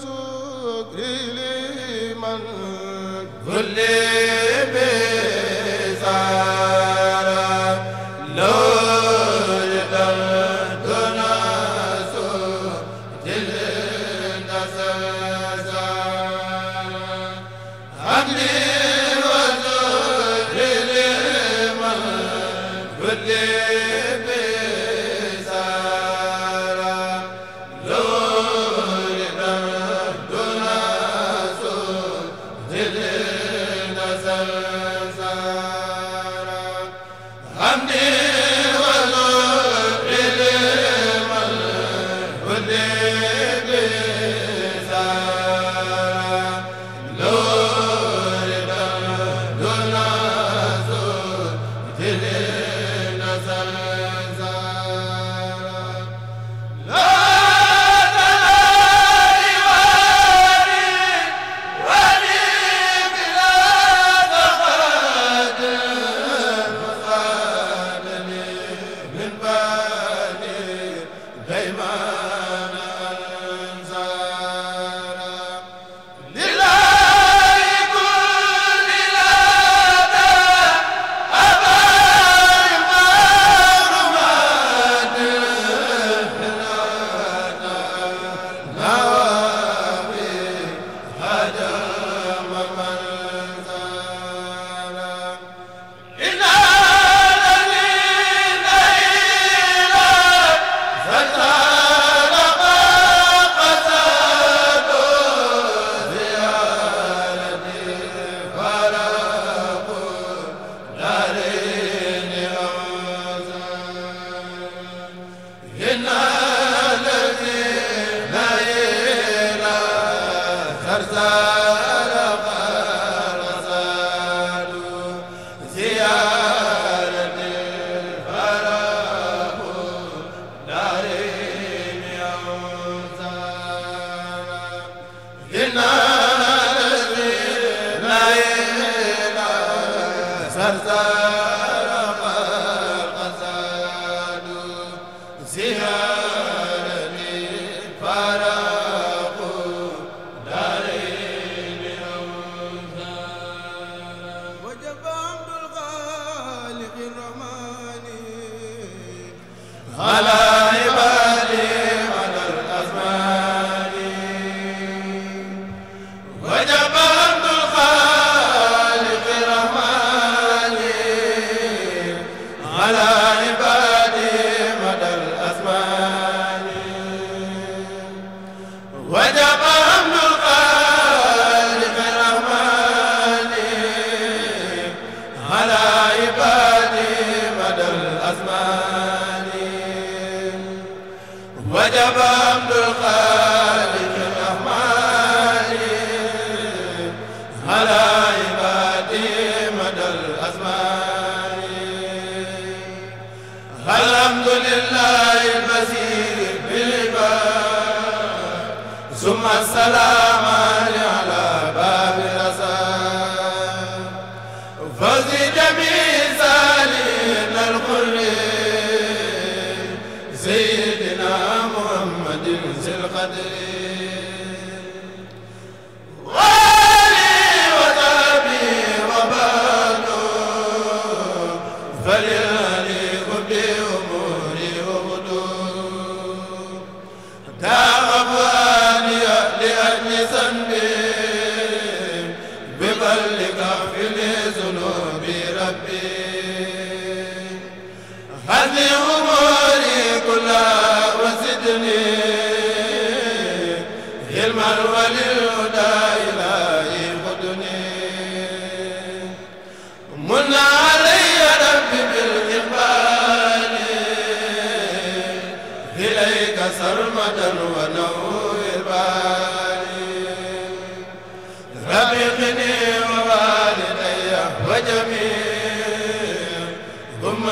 sukri liman kulli Barza allahumma salaam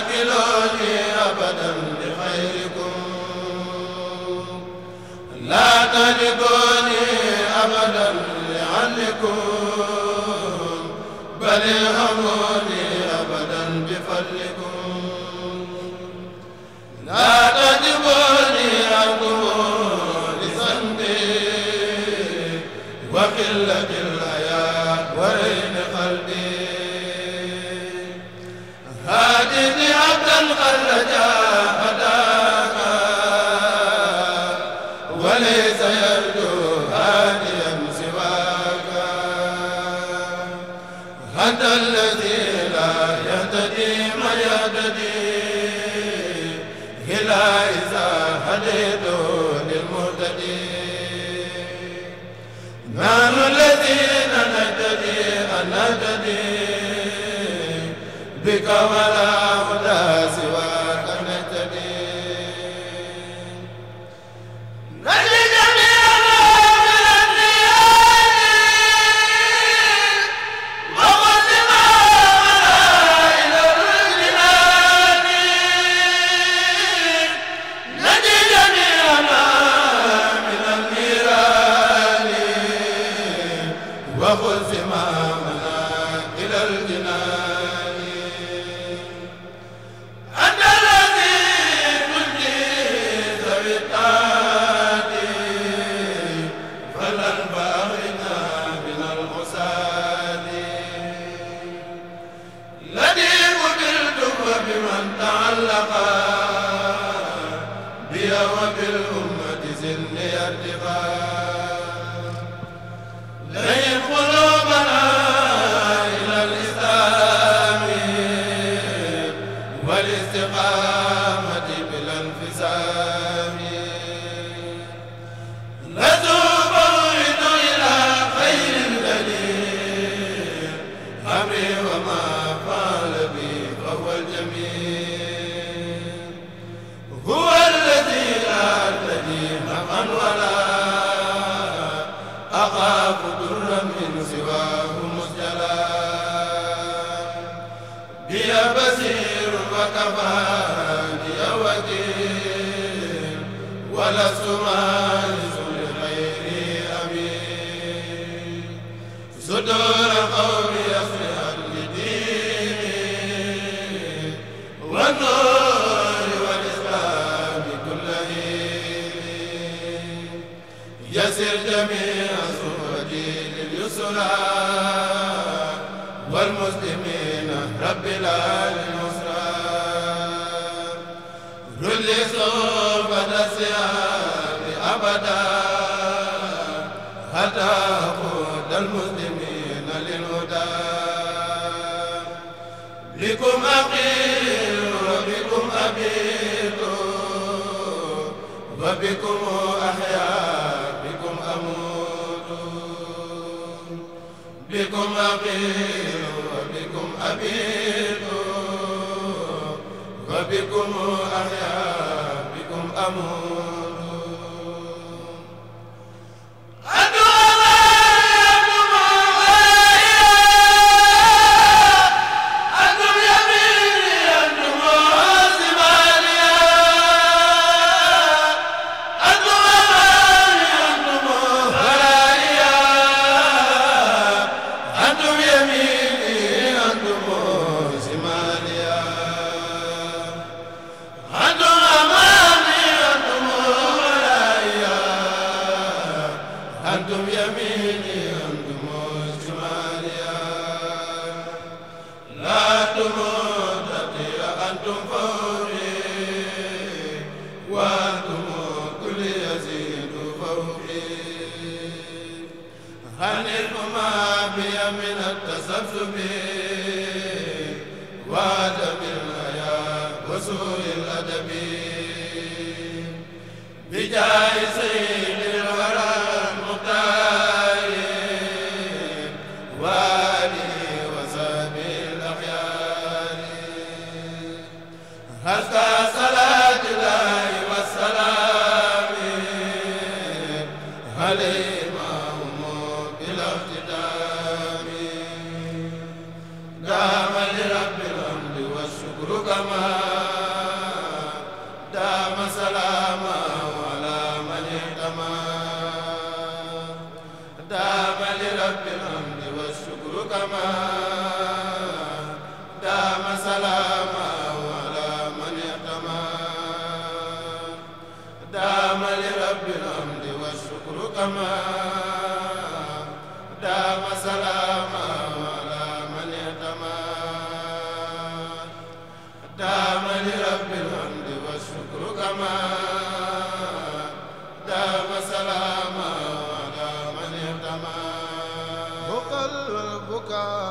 كلوني أبدا لخيركم لا تركوني أبدا لعنكم بل wala bikum ahya bikum amu وادب الحياة وسوء الأدب بجاه ka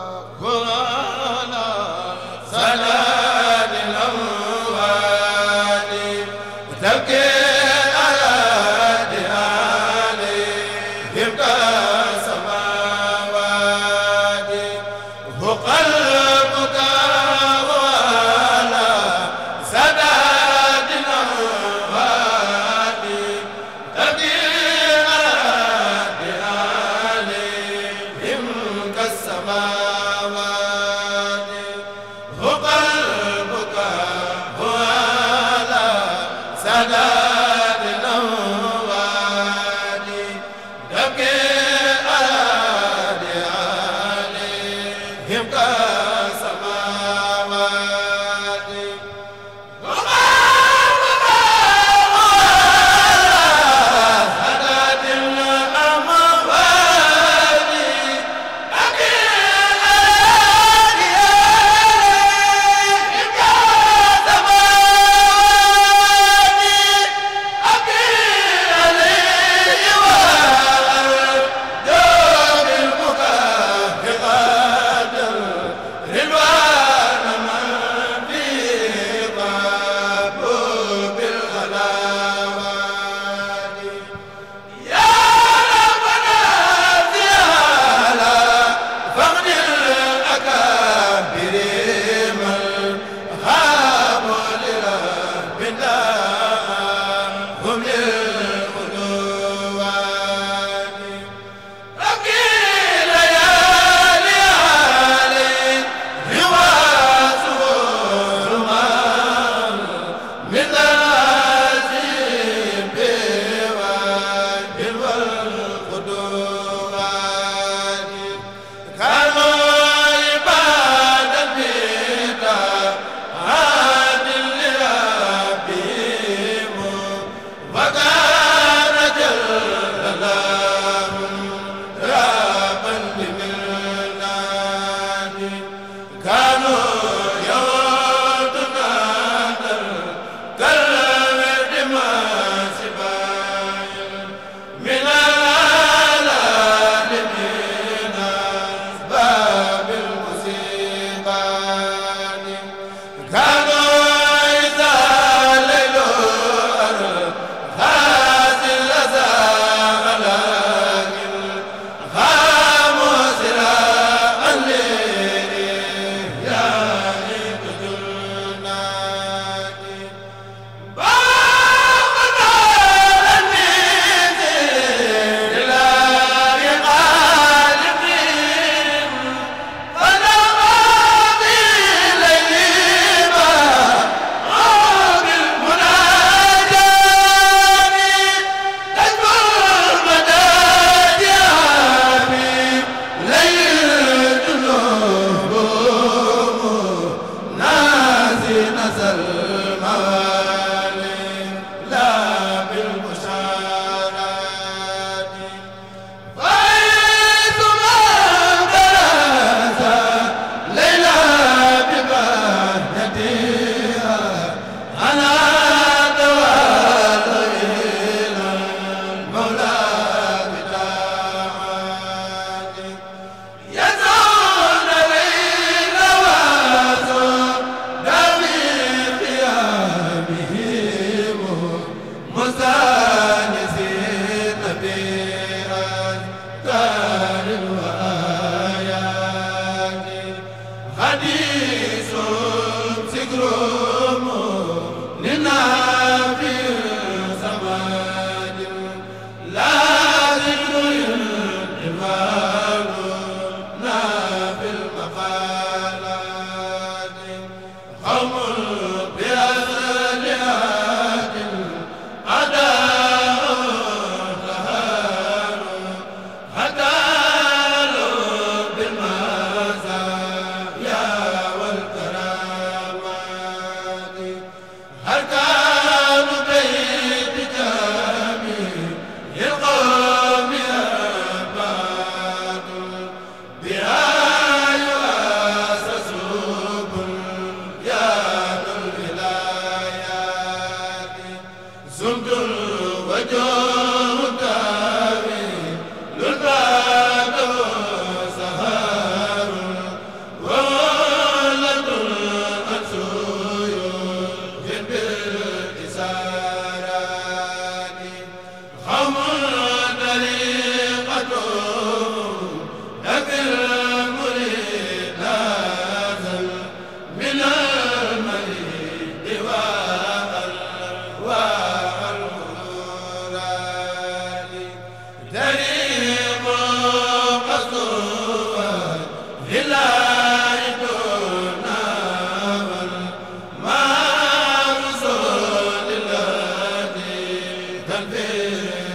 rabbi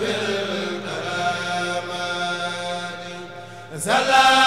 بالكرامات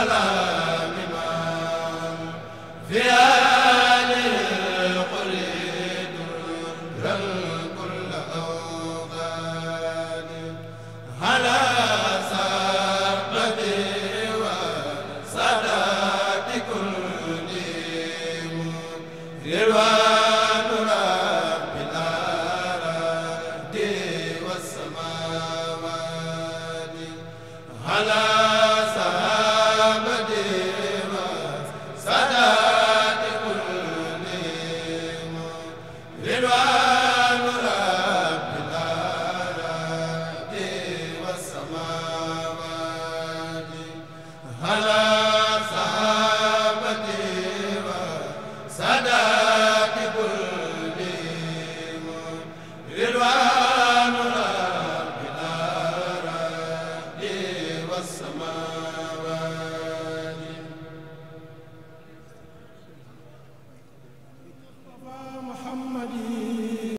la la